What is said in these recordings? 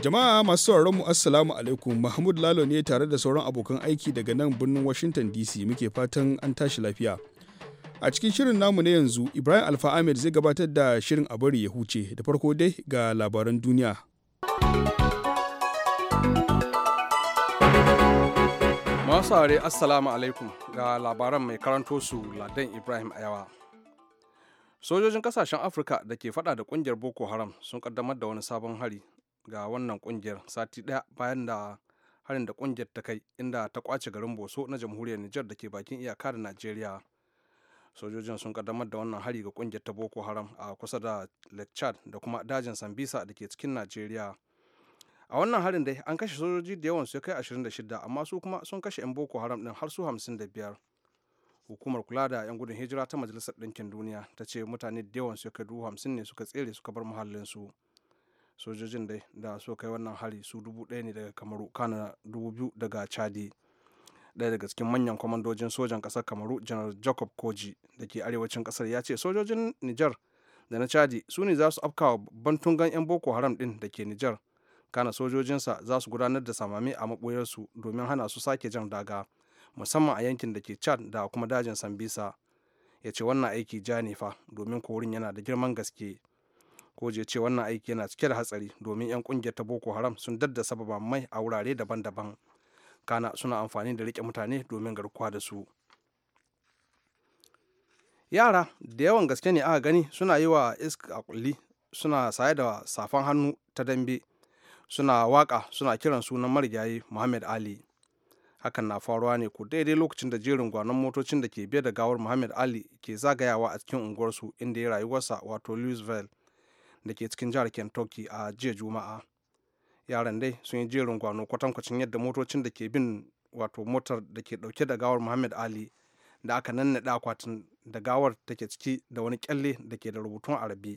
Jama'a masu sauraron mu Assalamu alaikum Mahmud Lalo ne tare da sauran abokan aiki daga nan birnin Washington DC muke fatan an tashi lafiya. A cikin shirin namu na yanzu Ibrahim Alfa Ahmed zai gabatar da shirin a bari ya huce da farko dai ga labaran duniya. Masu aure Assalamu alaikum ga labaran mai karanto su Ladan Ibrahim Ayawa. Sojojin kasashen Afirka da ke fada da kungiyar Boko Haram sun kaddamar da wani sabon hari ga wannan kungiyar sati daya bayan da harin da kungiyar ta kai inda ta kwace garin boso na jamhuriyar nijar da ke bakin iyaka da najeriya sojojin sun kaddamar da wannan hari ga kungiyar ta boko haram a kusa da lake chad da kuma dajin sambisa da ke cikin najeriya a wannan harin dai an kashe sojoji da yawan su kai 26 amma su kuma sun kashe 'yan boko haram din har su 55 hukumar kula da 'yan gudun hijira ta majalisar ɗinkin duniya ta ce mutane da yawan su kai 50 ne suka tsere suka bar muhallinsu su sojojin dai da so kai wannan hari su dubu ɗaya ne daga kamaru kana dubu biyu daga chadi ɗaya daga cikin manyan kwamandojin sojan ƙasar kamaru janar jacob koji da ke arewacin ƙasar ya ce sojojin nijar da na chadi su ne za su afkawa babban tungan 'yan boko haram ɗin da ke nijar kana sojojinsa za su gudanar da samami a maɓoyarsu domin hana su sake jan daga musamman a yankin da ke chad da kuma dajin sambisa ya ce wannan aiki janefa domin korin yana da girman gaske ko je ce wannan aiki yana cike da hatsari domin 'yan kungiyar ta Boko Haram sun daddasa mai a wurare daban-daban. Kana suna amfani da rike mutane domin garkuwa da su. Yara da yawan gaske ne aka gani suna yi wa iska kulli suna saye da safan hannu ta dambe suna waka suna kiran sunan marigayi Muhammad Ali. hakan na faruwa ne ko daidai lokacin da jerin gwanon motocin da ke biye da gawar muhammad ali ke zagayawa a cikin unguwarsu inda ya rayuwarsa wato louisville da ke cikin jihar kentucky a jiya juma'a yaran dai sun yi jerin gwano kwatankwacin yadda motocin da ke bin wato motar da ke dauke da gawar muhammad ali da aka nannaɗa akwatin da gawar take ciki da wani kyalle da ke da rubutun arabi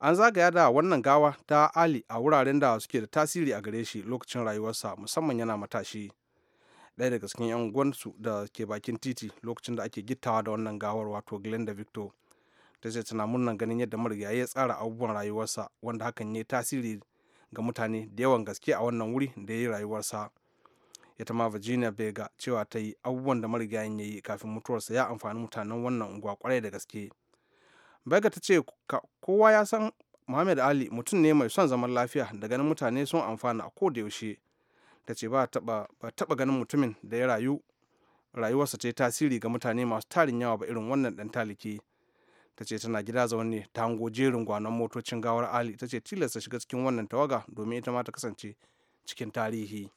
an zagaya da wannan gawa ta ali a wuraren da suke da tasiri a gare shi lokacin rayuwarsa musamman yana matashi ɗaya daga cikin 'yan uwansu da ke bakin titi lokacin da ake gittawa da wannan gawar wato Glenda victor ta ce tana murnan ganin yadda marigaya ya tsara abubuwan rayuwarsa wanda hakan yi tasiri ga mutane da yawan gaske a wannan wuri da ya yi rayuwarsa ya ta ma virginia bega cewa ta yi abubuwan da marigayan ya yi kafin mutuwarsa ya amfani mutanen wannan unguwa kwarai da gaske bega ta ce kowa ya san muhammad ali mutum ne mai son zaman lafiya da ganin mutane sun amfana a da yaushe ta ce ba taba ganin mutumin da ya rayu rayuwarsa ta yi tasiri ga mutane masu tarin yawa ba irin wannan dan taliki ta ce tana gida zaune ta hango jerin gwanon motocin gawar ali ta ce tilasta shiga cikin wannan tawaga domin ita ma ta kasance cikin tarihi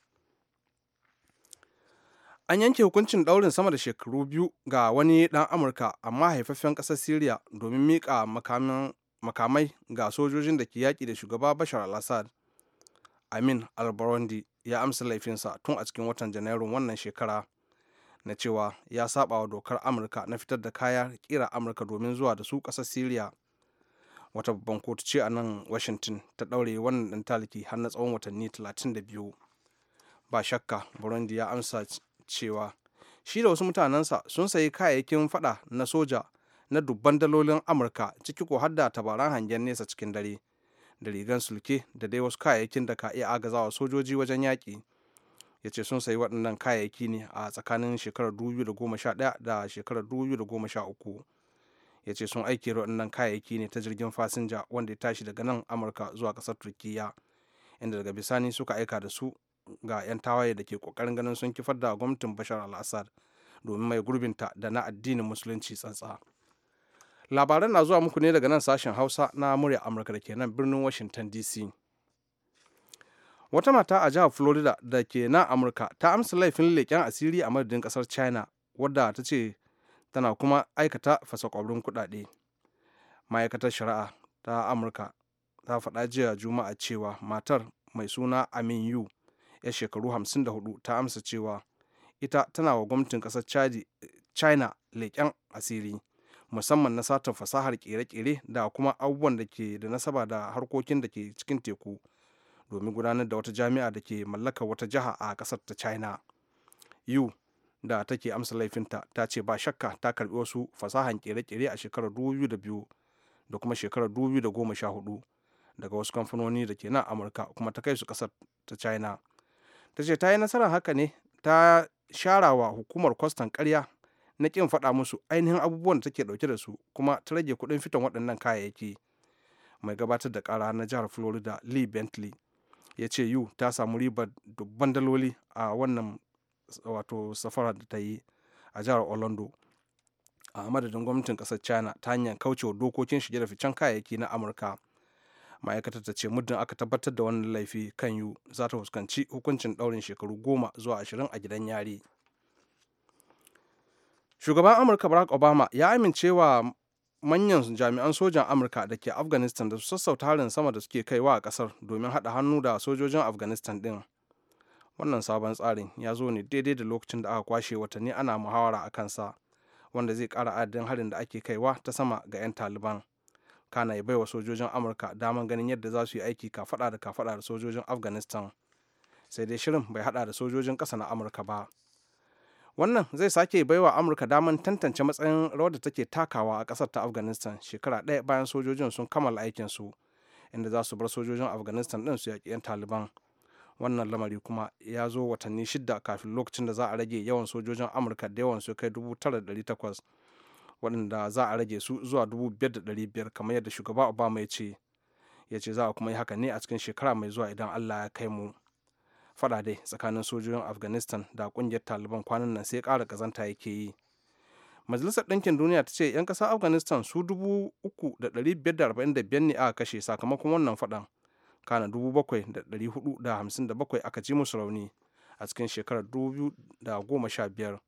an yanke hukuncin daurin sama da shekaru biyu ga wani dan amurka amma haifaffen kasar syria domin mika makamai ga sojojin da ke yaƙi da shugaba bashar al-assad amin al barondi ya amsa laifinsa tun a cikin watan janairun wannan shekara na cewa ya saba wa dokar amurka na fitar da kaya kira amurka domin zuwa da su ƙasar syria wata babban kotu ce a nan washington ta daure wannan dan taliki har na tsawon watanni 32 ba shakka burundi ya amsa cewa shi da wasu mutanensa sun sayi kayayyakin fada na soja na dubban dalolin amurka ciki ko har tabaran hangen nesa cikin dare da rigan sulke da dai wasu kayayyakin da ka iya agazawa sojoji wajen yaƙi ya ce sun sayi waɗannan kayayyaki ne a tsakanin shekarar 2011 da shekarar 2013 ya ce sun aiki waɗannan kayayyaki ne ta jirgin fasinja wanda ya tashi daga nan amurka zuwa ƙasar turkiya inda daga bisani suka aika da su ga 'yan tawaye da ke kokarin ganin sun kifar da gwamnatin bashar al domin mai gurbinta da na addinin musulunci tsantsa labaran na zuwa muku ne daga nan sashen hausa na murya amurka da ke nan birnin washington dc wata mata a jihar florida da ke na amurka ta amsa laifin leƙen asiri a madadin ƙasar china wadda ta ce tana kuma aikata fasakwabrin kuɗaɗe ma'aikatar shari'a ta amurka ta faɗa jiya juma'a cewa matar mai suna amin yu ya shekaru 54 ta amsa cewa ita tana wa gwamnatin ƙasar china leƙen asiri musamman na satar fasahar ƙere kere da kuma abubuwan da ke da nasaba da harkokin da ke cikin teku domin gudanar da wata jami'a da ke mallaka wata jiha a kasar ta china yu da take amsa laifinta ta ce ba shakka ta karbi wasu fasahan kere-kere a shekarar 2002 da kuma shekarar 2014 daga wasu kamfanoni da ke nan amurka kuma ta kai su kasar ta china ta ce ta yi nasarar haka ne ta sharawa hukumar kwastan karya na kin faɗa musu ainihin abubuwan da take ɗauke da su kuma ta rage kuɗin fitan waɗannan kayayyaki mai gabatar da ƙara na jihar florida lee bentley ya ce yu ta samu ribar dubban daloli a wannan wato safara da ta yi a jihar orlando a madadin gwamnatin kasar china ta hanyar kaucewa dokokin shige da ficen kayayyaki na amurka ma'aikatar ta ce muddin aka tabbatar da wannan laifi kan yu za ta fuskanci hukuncin daurin shekaru goma zuwa ashirin a gidan yari shugaban amurka barack obama ya amincewa manyan jami'an sojan amurka da ke afghanistan da su sassauta harin sama da suke kaiwa a kasar domin haɗa hannu da sojojin afghanistan ɗin wannan sabon tsarin ya zo ne daidai da lokacin da aka kwashe watanni ana muhawara a kansa wanda zai ƙara adadin harin da ake kaiwa ta sama ga 'yan taliban kana ya baiwa sojojin amurka daman ganin yadda za su yi aiki kafaɗa da kafaɗa da sojojin afghanistan sai dai shirin bai haɗa da sojojin ƙasa na amurka ba wannan zai sake baiwa amurka damar tantance matsayin rawar da take takawa a kasar ta afghanistan shekara ɗaya bayan sojojin sun kammala su inda za su bar sojojin afghanistan ɗin su yaƙi 'yan taliban wannan lamari kuma ya zo watanni shida kafin lokacin da za a rage yawan sojojin amurka da yawan su kai dubu tara da takwas waɗanda za a rage su zuwa dubu biyar da ɗari biyar kamar yadda shugaba obama ya ce ya ce za a kuma yi haka ne a cikin shekara mai zuwa idan allah ya kai mu fada dai tsakanin sojojin afghanistan da kungiyar taliban kwanan nan sai kara kazanta yake yi majalisar ɗinkin duniya ta ce 'yan ƙasar afghanistan su 3,545 ne aka kashe sakamakon wannan faɗan kana 7,457 aka ji musu rauni a cikin shekarar 2015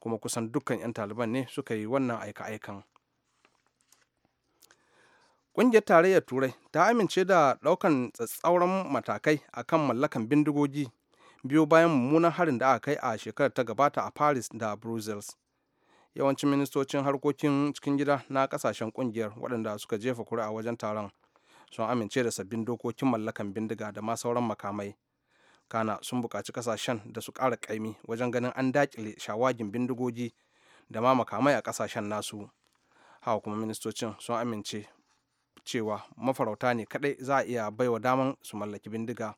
kuma kusan dukkan 'yan taliban ne suka yi wannan aika-aikan ƙungiyar tarayyar turai ta amince da ɗaukan tsauran matakai a kan mallakan bindigogi biyu bayan mummunan harin da aka kai a shekarar ta gabata a paris da brussels yawancin ministocin harkokin cikin gida na ƙasashen ƙungiyar waɗanda suka jefa kuri'a wajen taron sun amince da sabbin dokokin mallakan bindiga da ma sauran makamai kana sun buƙaci ƙasashen da su ƙara ƙaimi wajen ganin an daƙile shawagin bindigogi da ma makamai a ƙasashen nasu hawa kuma ministocin sun amince cewa mafarauta ne kadai za a iya baiwa daman su mallaki bindiga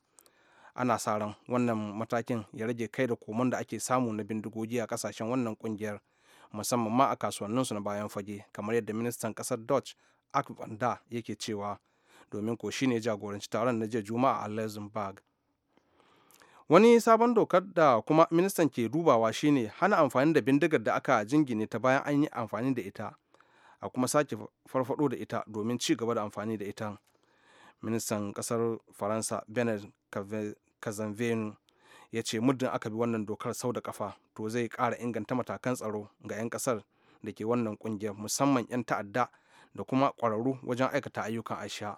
ana sa ran wannan matakin ya rage kai da komon da ake samu na bindigogi a kasashen wannan kungiyar musamman ma a kasuwanninsu na bayan fage kamar yadda ministan kasar dutch ak da yake cewa domin ko shine jagoranci taron na jiya juma'a a luxembourg wani sabon dokar da kuma ministan ke dubawa shine hana amfani da bindigar da aka jingine ta bayan an yi amfani da ita a kuma sake farfado da ita domin ci gaba da amfani da ita ministan kasar faransa benin kazanvenu ya ce muddin aka bi wannan dokar sau da kafa to zai kara inganta matakan tsaro ga 'yan kasar da ke wannan kungiyar musamman 'yan ta'adda da kuma kwararru wajen aikata ayyukan aisha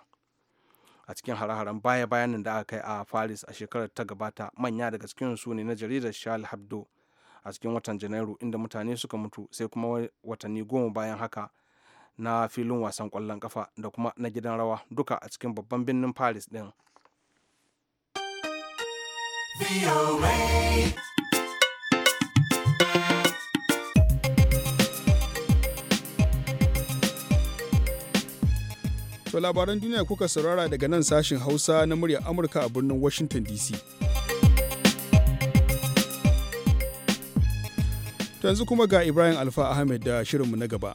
a cikin hare-haren baya nan da aka kai a paris a shekarar ta gabata manya daga cikin su ne na jaridar charles habdo a cikin watan janairu inda mutane suka mutu sai kuma watanni goma bayan haka na filin wasan kwallon kafa da kuma na gidan rawa duka a cikin babban birnin paris din To labaran duniya kuka saurara daga nan sashin Hausa na muryar Amurka a birnin Washington DC. To yanzu kuma ga Ibrahim Alfa Ahmed da shirinmu na gaba.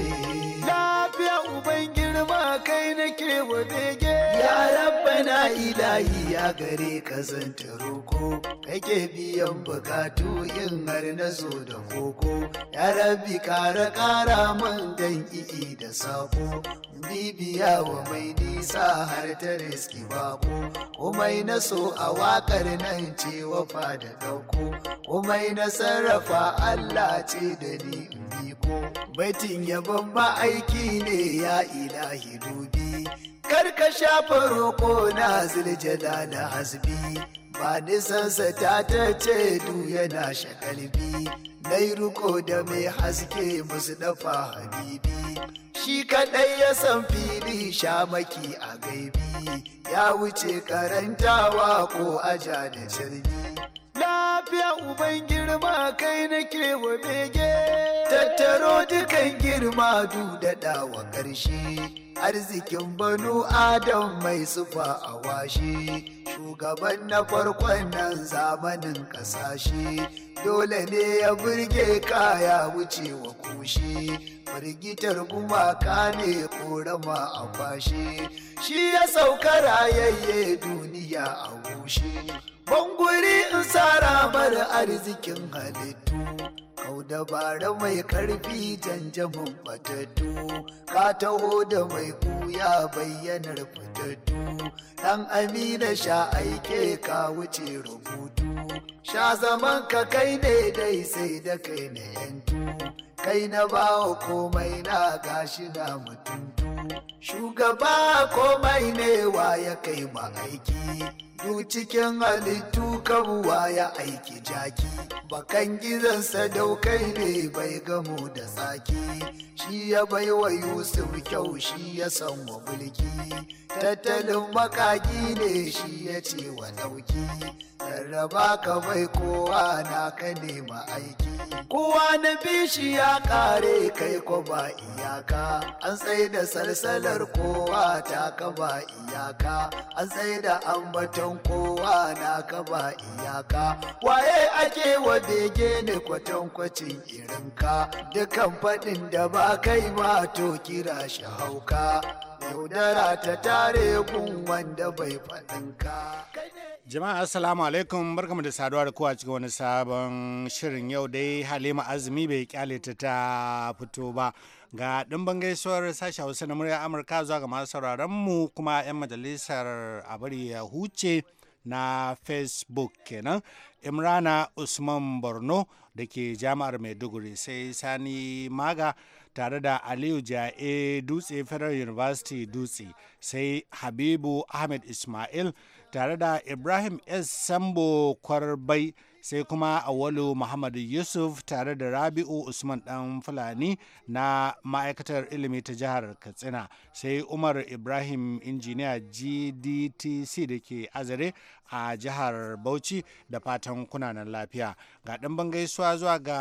ma kai nake wa bege ya rabbana ilahi ya gare ka zanta roko kake biyan bukatu in har na zo da koko ya rabbi kara kara man dan i'i da sako bibiya wa mai nisa har ta riski bako umai na so a wakar nan ce wafa da dauko umai na sarrafa Allah ce da ni biko baitin yabon ma'aiki ne ya ilahi dubi karka shafa roƙo na ziljada da hasbi ba nisansa ta ta ce du yana shakalbi na yi da mai haske musu dafa habibi shi kaɗai ya san fili shamaki a gaibi ya wuce karantawa ko aja da jirgi Lafiya uban girma kai nake wa bege, tattaro dukan girma dudada wa ƙarshe. Arzikin banu Adam mai sufa a washe, shugaban na farkon nan zamanin ƙasashe, dole ne ya burge kaya wuce wa kushe. firgitar gumaka ne korama a kwashe shi ya sauka rayayye duniya a gushe babban in tsara bar arzikin halittu kau dabara mai karfi janjamin fatattu ka taho da mai kuya bayyanar fatattu dan amina sha aike ka wuce rubutu sha zaman ka kai ne dai sai da kai na yantu kai na bawa komai na gashi na mutum shugaba komai ne wa ya kai ma aiki Du cikin halittu kabuwa ya aiki jaki, bakan gizansa daukai ne bai gamo da tsaki, shi ya bai wa Yusuf kyau shi ya san wa bulki, tattalin makaki ne shi ya ce wa dauki Rarraba ka bai kowa na ka nema aiki. Kowa na bishi ya kare kai ko ba iyaka, an tsaye da salsalar kowa ta ka ba iyaka, an tsaye da ambaton don kowa na ka ba iyaka waye ake wa bege ne kwatankwacin irinka dukan faɗin da ba kai ma to kira shi hauka yaudara ta tare kun wanda bai faɗinka jama'a assalamu alaikum barkamu da saduwa da kowa cikin wani sabon shirin yau dai halima azumi bai kyale ta fito ba ga ɗimbin gaisuwar sashen hausa na murya amurka zuwa ga masu sauraron mu kuma 'yan majalisar abari ya huce na facebook kenan imrana usman borno da ke jami'ar maiduguri sai sani maga tare da aliyu ja'e dutse federal university dutse sai habibu ahmed ismail tare da ibrahim s sambo kwarbai sai kuma awalu muhammad yusuf tare da rabi'u usman dan fulani na ma'aikatar ilimi ta jihar katsina sai umar ibrahim injiniya gdtc da ke azare a jihar bauchi da fatan kunanan lafiya ga ɗan bangaisuwa zuwa ga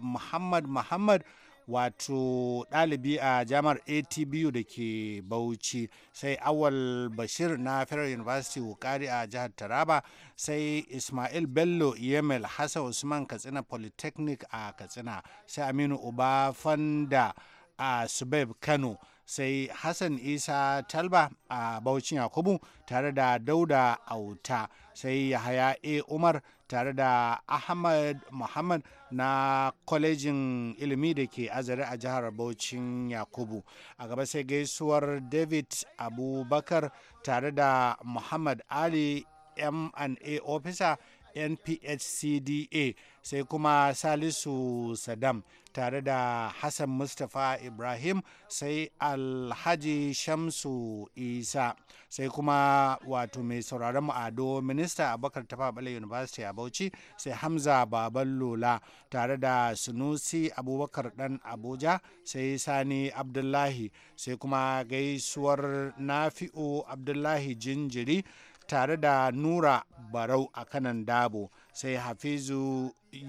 muhammad muhammad wato ɗalibi a jami'ar atbu da ke bauchi sai awal bashir na federal university wukari a jihar taraba sai ismail bello yemel hassan usman katsina polytechnic a katsina sai aminu uba fanda a subeb kano sai hassan isa talba a bauchin yakubu tare da dauda auta sai yahaya a umar tare da ahmad muhammad na kwalejin ilimi da ke azare a jihar Bauchin Yakubu. A gaba sai gaisuwar David Abubakar tare da Muhammad Ali M&A Officer nphcda sai kuma salisu saddam tare da hassan mustapha ibrahim sai alhaji shamsu isa sai kuma wato mai sauraron mu ado minista bakar tafa bala university a bauchi sai hamza baban lola tare da sunusi abubakar dan abuja sai sani abdullahi sai kuma gaisuwar nafi'u abdullahi jinjiri tare da nura barau a kanan dabo sai hafizu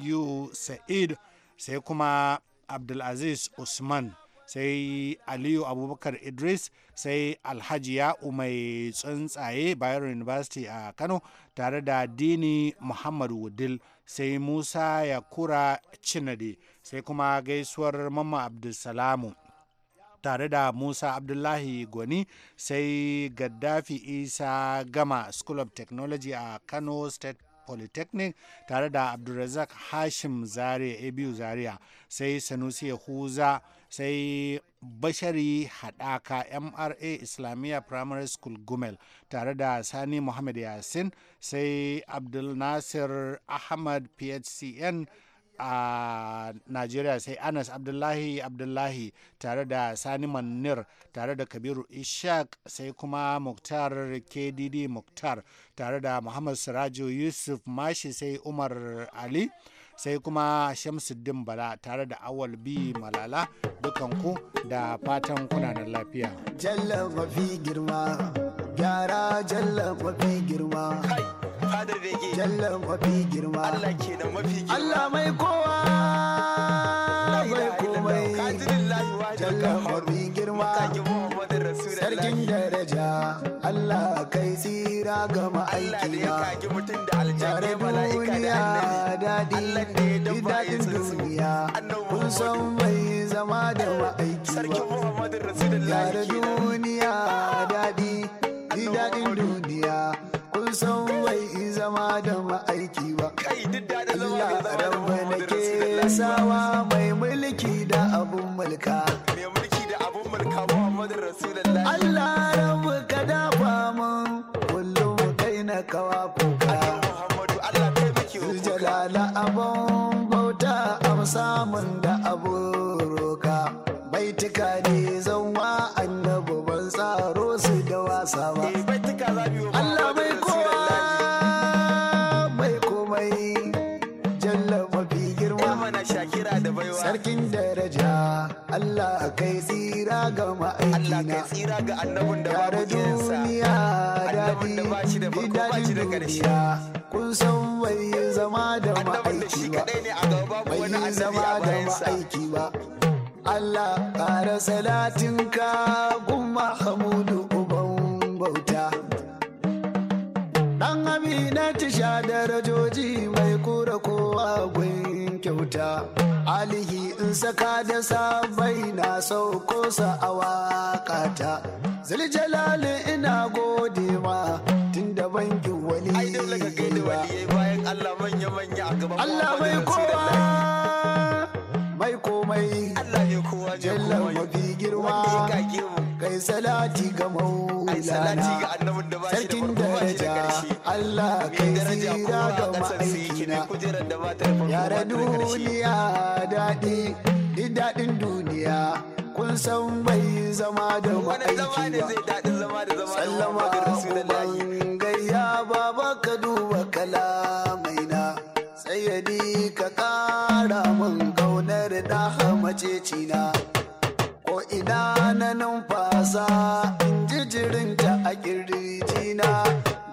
yu sa'id sai kuma abdulaziz usman sai aliyu abubakar idris sai alhaji ya'u mai tsuntsaye bayero university a kano tare da dini muhammad wudil sai musa ya kura cinadi sai kuma gaisuwar mamma abdulsalamu tare da musa abdullahi Goni sai gaddafi isa gama school of technology a kano state polytechnic tare da abdulrazak hashim zaria abu zaria sai sanusi huza sai bashari Hadaka mra islamiyya primary school gumel tare da sani muhammad yasin sai abdul nasir ahmad phcn a najeriya sai anas abdullahi abdullahi tare da sani manir tare da kabiru ishaq sai kuma muktar kdd muktar tare da muhammad sirajo yusuf mashi sai umar ali sai kuma shamsuddin bala tare da awal bi malala dukanku da fatan kuna da lafiya jalla mafi girma gyara jalla mafi girma kadar bege jalla mafi girma Allah ke da mafi girma Allah mai kowa mai komai jalla mafi girma sarkin daraja Allah kai tsira ga ma'aiki na tare duniya daɗi daɗin duniya kun san mai zama da ma'aiki ba tare duniya daɗi daɗin duniya san wai zama da ma'aiki ba Allah rabba na ke sawa mai mulki da abun mulka Allah rabba ka dafa mun kullum kai na kawa kuka jalala abun bauta amsa mun da abun roka baituka ne zanwa annabi ban tsaro su da wasa ba eh, daraja Allah kai tsira ga ma'aikina Allah duniya tsira ga annabin da kun san bai zama da ma'aiki ba bai zama da ma'aiki ba Allah ƙara salatinka gun Mahamudu dan amina tisha darajoji mai kura kowa gwin kyauta alihi in saka da sabai na sauko sa a wakata zuljalali ina gode ma tun da bankin wali ai dole ka kai da wali bayan Allah manya manya a gaban Allah mai kowa mai komai Allah ya kowa jalla mafi girma kai salati ga maulana sarkin daraja Allah kai zira ga ma'aikina yara duniya daɗi duk daɗin duniya kun san bai zama da ma'aiki ba sallama a gayya baba ka duba kala ayyadi ka kara min ƙaunar da hamacecina ko ina na numfasa in ta a ƙirjina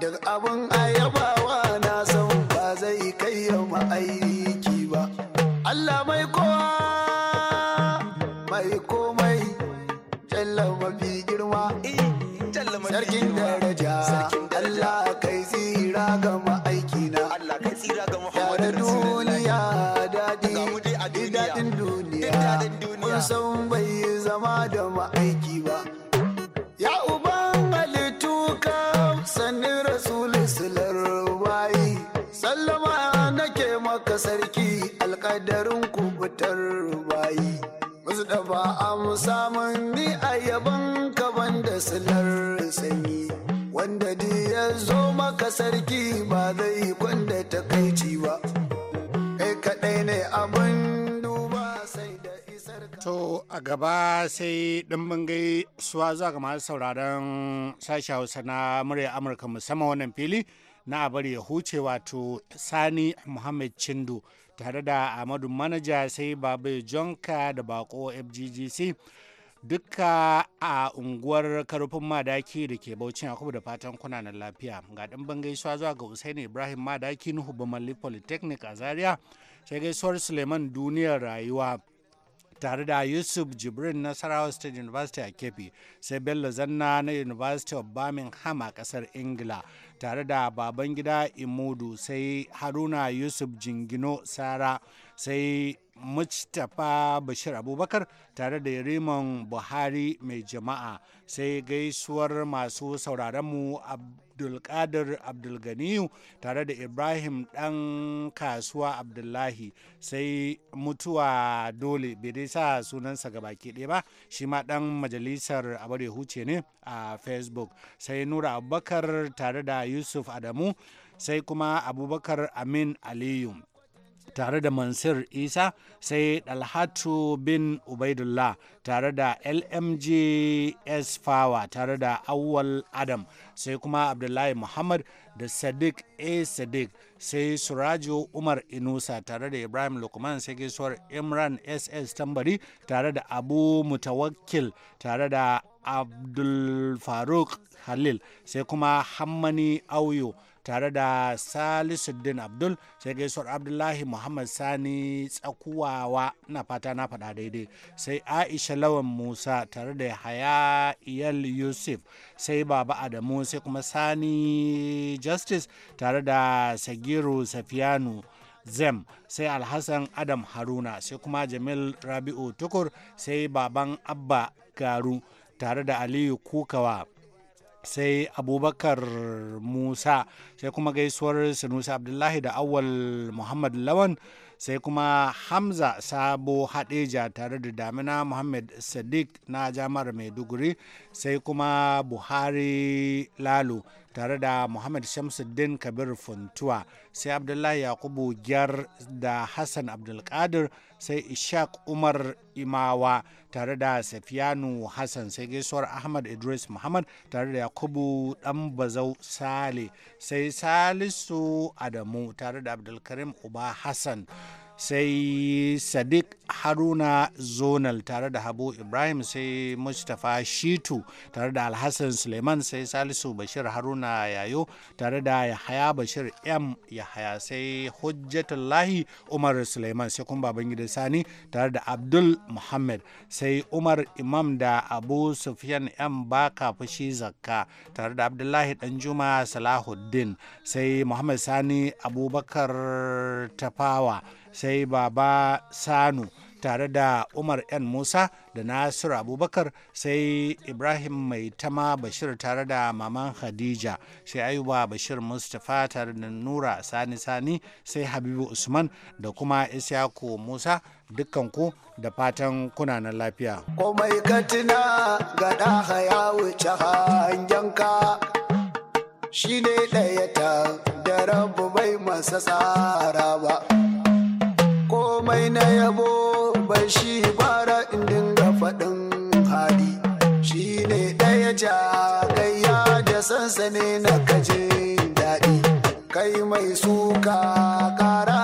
duk abin ayabawa na san ba zai kai yau aiki ba Allah mai kowa mai komai jalla mafi girma eh, sarkin daraja tsira ga ma'aikina na kai duniya daɗi daɗin duniya mun san bai zama da ma'aiki ba ya uban halittu ka sanni rasulun silar bayi sallama nake maka sarki alkadarin kubutar bayi ba amsa min ni a yaban ka banda silar sanyi wanda ya zo ma sarki ba zai kwanda takaici ba kaɗai ne abin duba sai da isar to a gaba sai ɗan gai suwa za ga masu sauraron sashi hausa na murya amurka musamman wannan fili na a bari ya huce wato sani muhammad chindu tare da amadu manaja sai babu jonka da bako fggc Duka a unguwar karfin madaki da ke bauchi yakubu da fatan kuna na lafiya ga ban gaisuwa zuwa ga usaini ibrahim madaki nuhu bamali polytechnic a zaria sai gaisuwar suleiman duniyar rayuwa tare da yusuf jibrin na sarawa state university a kefi sai bello zanna na university of birmingham a kasar ingila tare da baban gida imudu sai haruna yusuf jingino sara sai mustapha bashir abubakar tare da riman buhari mai jama'a sai gaisuwar masu sauraronmu abdulkadir abdulganiyu tare da ibrahim dan kasuwa abdullahi sai mutuwa dole bai dai sa sunansa ga baki ɗaya ba shi ma dan majalisar abar huce ne a facebook sai nura abubakar tare da yusuf adamu sai kuma abubakar amin aliyu tare da mansur isa sai dalhatu bin ubaidullah tare da lmgs fawa tare da awwal adam sai kuma abdullahi muhammad da sadiq a sadiq sai surajo umar inusa tare da ibrahim lukman sai gaisuwar imran ss tambari tare da abu mutawakkil tare da abdul faruk halil sai kuma hammani auyo tare da salisu din abdul sai gaisuwar abdullahi muhammad sani tsakuwawa na fata na faɗa daidai sai aisha lawan musa tare da haya iyal yusuf sai baba adamu sai kuma sani justice tare da sagiru safiyanu zem sai alhassan adam haruna sai kuma jamil rabi'u tukur sai baban abba garu tare da aliyu kukawa sai abubakar musa sai kuma gaisuwar sanusi abdullahi da awal muhammad lawan sai kuma hamza sabo hadeja tare da damina muhammad sadiq na jami'ar maiduguri sai kuma buhari lalo tare da muhammad shamsuddin kabir funtuwa sai abdullahi yakubu gyar da hassan abdulkadir sai ishaq umar imawa tare da safiyanu hassan sai gaisuwar ahmad idris muhammad tare da yakubu dan bazau sale sai salisu adamu tare da abdulkarim uba hassan sai sadiq haruna zonal tare da habu ibrahim sai mustapha shitu tare da alhassan suleiman sai salisu bashir haruna yayo tare da yahaya bashir m yahaya sai hujjatullahi umar suleiman sai kuma babangida sani tare da abdul muhammad sai umar imam da abu sufyan m baka fushi zakka tare da abdullahi danjuma salahuddin sai muhammad sani abubakar tafawa sai baba sanu tare da umar yan musa da nasiru abubakar sai ibrahim mai tama bashir tare da maman hadija sai ayuba bashir mustapha tare da nura sani sani sai habibu usman da kuma isyaku musa dukkan da fatan kuna na lafiya komai katina ga ɗaha ya wuce hanyanka shi ne ɗaya ta da rabu bai masa tsara ba komai na yabo bai shi bara in dinga faɗin hali shi ne ɗaya jagayya da sansani na kaje daɗi kai mai suka ƙara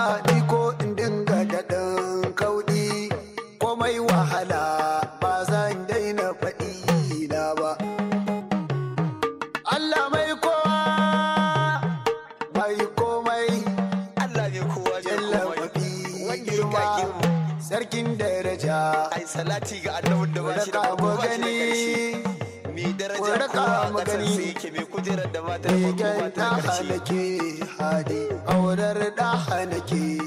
salati ga annabin da ba shi da abu ba shi da mi daraja kowa a ƙasar sai yake mai kujerar da da ba ta hadi aurar da hanake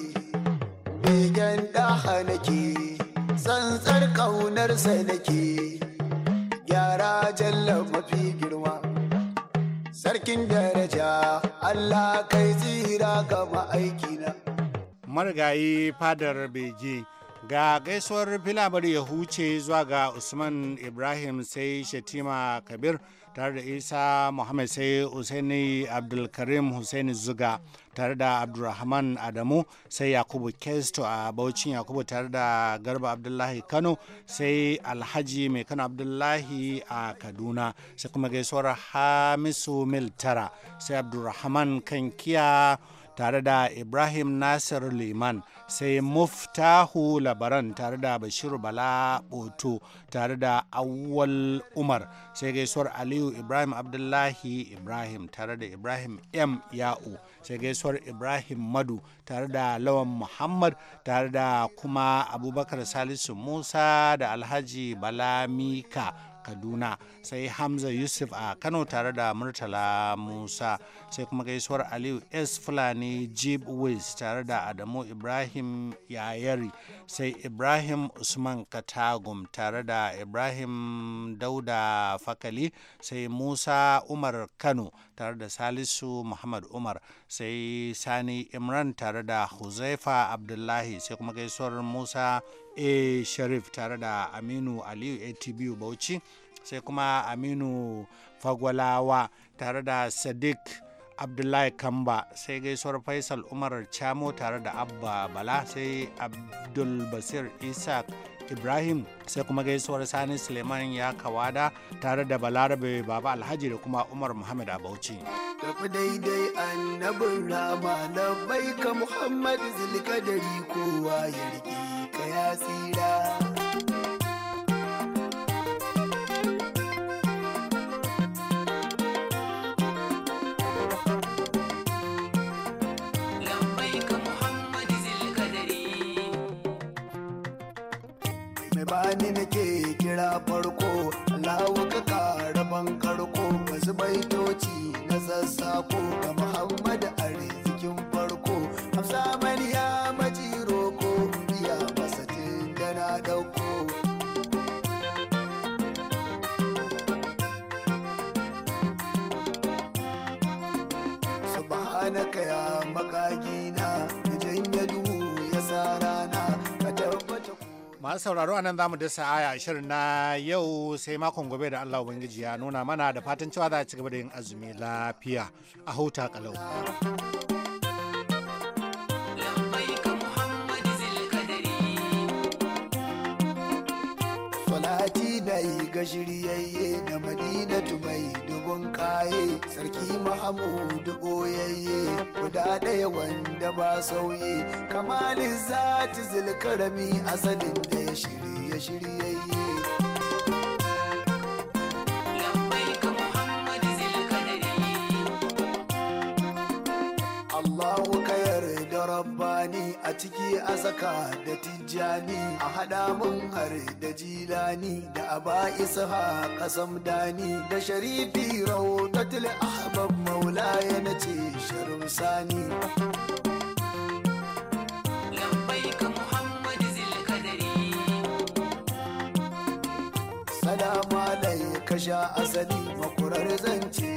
begen da tsantsar nake gyara jalla mafi girma sarkin daraja Allah kai tsira ga ma'aikina marigayi fadar beji ga gaisuwar filabar ya huce zuwa ga usman ibrahim sai shatima kabir tare da isa muhammad sai usaini abdulkarim husaini zuga tare da abdulrahman adamu sai yakubu kesto a baucin yakubu tare da garba abdullahi kano sai alhaji mai kano abdullahi a kaduna sai kuma gaisuwar hamisu mil tara sai abdulrahman kankiya tare da Ibrahim Nasir Liman sai Muftahu Labaran tare da Bashir Bala Boto tare da Awwal Umar sai gaisuwar Aliyu Ibrahim Abdullahi Ibrahim tare da Ibrahim M Ya'u sai gaisuwar Ibrahim Madu tare da Lawan Muhammad tare da kuma Abubakar Salisu Musa da Alhaji Balamika Kaduna sai Hamza Yusuf a Kano tare da Murtala Musa sai kuma gaisuwar aliyu s fulani jib wiz tare da adamu ibrahim yayari sai ibrahim usman katagum tare da ibrahim dauda fakali sai musa umar kano tare da salisu muhammad umar sai sani imran tare da huzaifa abdullahi sai kuma gaisuwar musa a sharif tare da aminu aliyu atb bauchi sai kuma aminu fagwalawa tare da sadiq abdullahi kamba sai gaisuwar faisal umar camo tare da abba bala sai abdul basir isaac ibrahim sai kuma gaisuwar sani suleiman ya kawada tare da balarabe baba alhaji da kuma umar muhammad a bauchi tafi daidai annabin rama na baika muhammad zilkadari kowa ya riƙe ka ya tsira ko ga Muhammad arzikin farko Hafsa ya majiro ko biya masa tun da na dauko Subhanaka ya makagina ya janye duhu ya sa rana ka tabbata masu sauraro anan zamu za mu dasa aya shirin na yau sai makon gobe da Allah Ubangiji ya nuna mana da fatan cewa za a ci gaba da yin azumi lafiya a huta kalau. Salati da yi sarki mahamudu boyayye guda ɗaya wanda ba sauye kamalin zati zilkarami asalin da ya shirye shiryayye a ciki a saka da tijjani a haɗa mun hare da jilani da aba isha kasam dani da sharifi rautatul ahbab maulaya na ce sharum sani Salama da ya kasha asali makurar zance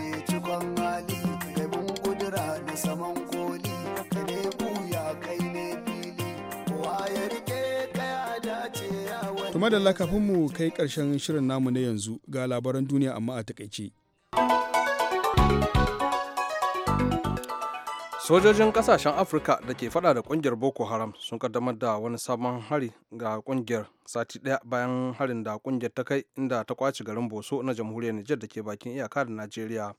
kuma da kafin mu kai karshen shirin namu na yanzu ga labaran duniya amma a takaice sojojin kasashen afirka da ke fada da kungiyar boko haram sun kaddamar da wani sabon hari ga kungiyar sati daya bayan harin da kungiyar ta kai inda ta kwaci garin boso na jamhuriyar nijar da ke bakin iyaka da najeriya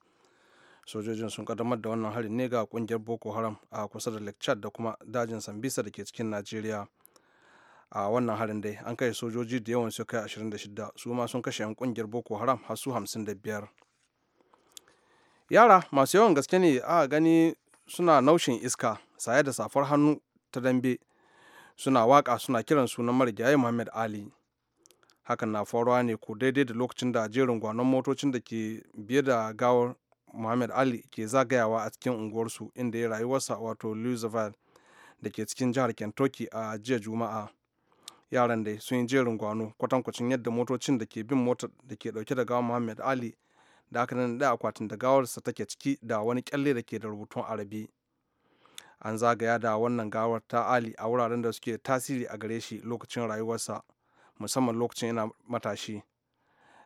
sojojin sun kaddamar da wannan harin ne ga kungiyar boko haram a kusa da lake chad da kuma dajin sambisa da ke cikin najeriya a wannan harin dai an kai sojoji da yawan su kai 26 su ma sun kashe 'yan kungiyar boko haram har su 55 yara masu yawan gaske ne a gani suna naushin iska saye da safar hannu ta dambe suna waka suna kiran sunan marigayi muhammad ali hakan na faruwa ne ko daidai da lokacin da jerin gwanon motocin da ke biye da gawar muhammad ali ke zagayawa a cikin unguwarsu inda ya rayuwarsa wato louisville da ke cikin jihar kentucky a jiya juma'a yaran da sun yi jerin gwano kwatankwacin yadda motocin da ke bin motar da ke dauke da gawar muhammad ali da aka nan da akwatin da gawarsa take ciki da wani kyalle da ke da rubutun arabi an zagaya da wannan gawar ta ali a wuraren da suke tasiri a gare shi lokacin rayuwarsa musamman lokacin yana matashi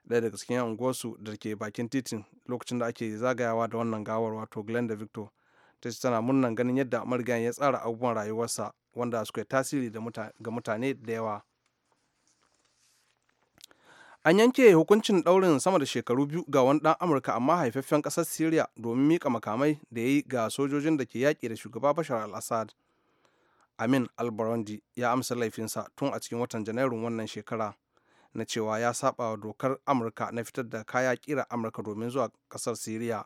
ɗaya daga cikin unguwarsu da ke bakin titin lokacin da ake zagayawa da wannan gawar wato glenda victor ta ce tana murnan ganin yadda marigayen ya tsara abubuwan rayuwarsa wanda suka tasiri ga mutane da yawa an yanke hukuncin ɗaurin sama da shekaru biyu ga wani dan amurka amma haifaffen ƙasar syria domin mika makamai da ya yi ga sojojin da ke yaƙi da shugaba bashar al-assad amin al ya amsa laifinsa tun a cikin watan janairun wannan shekara na cewa ya saba dokar amurka na fitar da kaya kira amurka domin zuwa ƙasar syria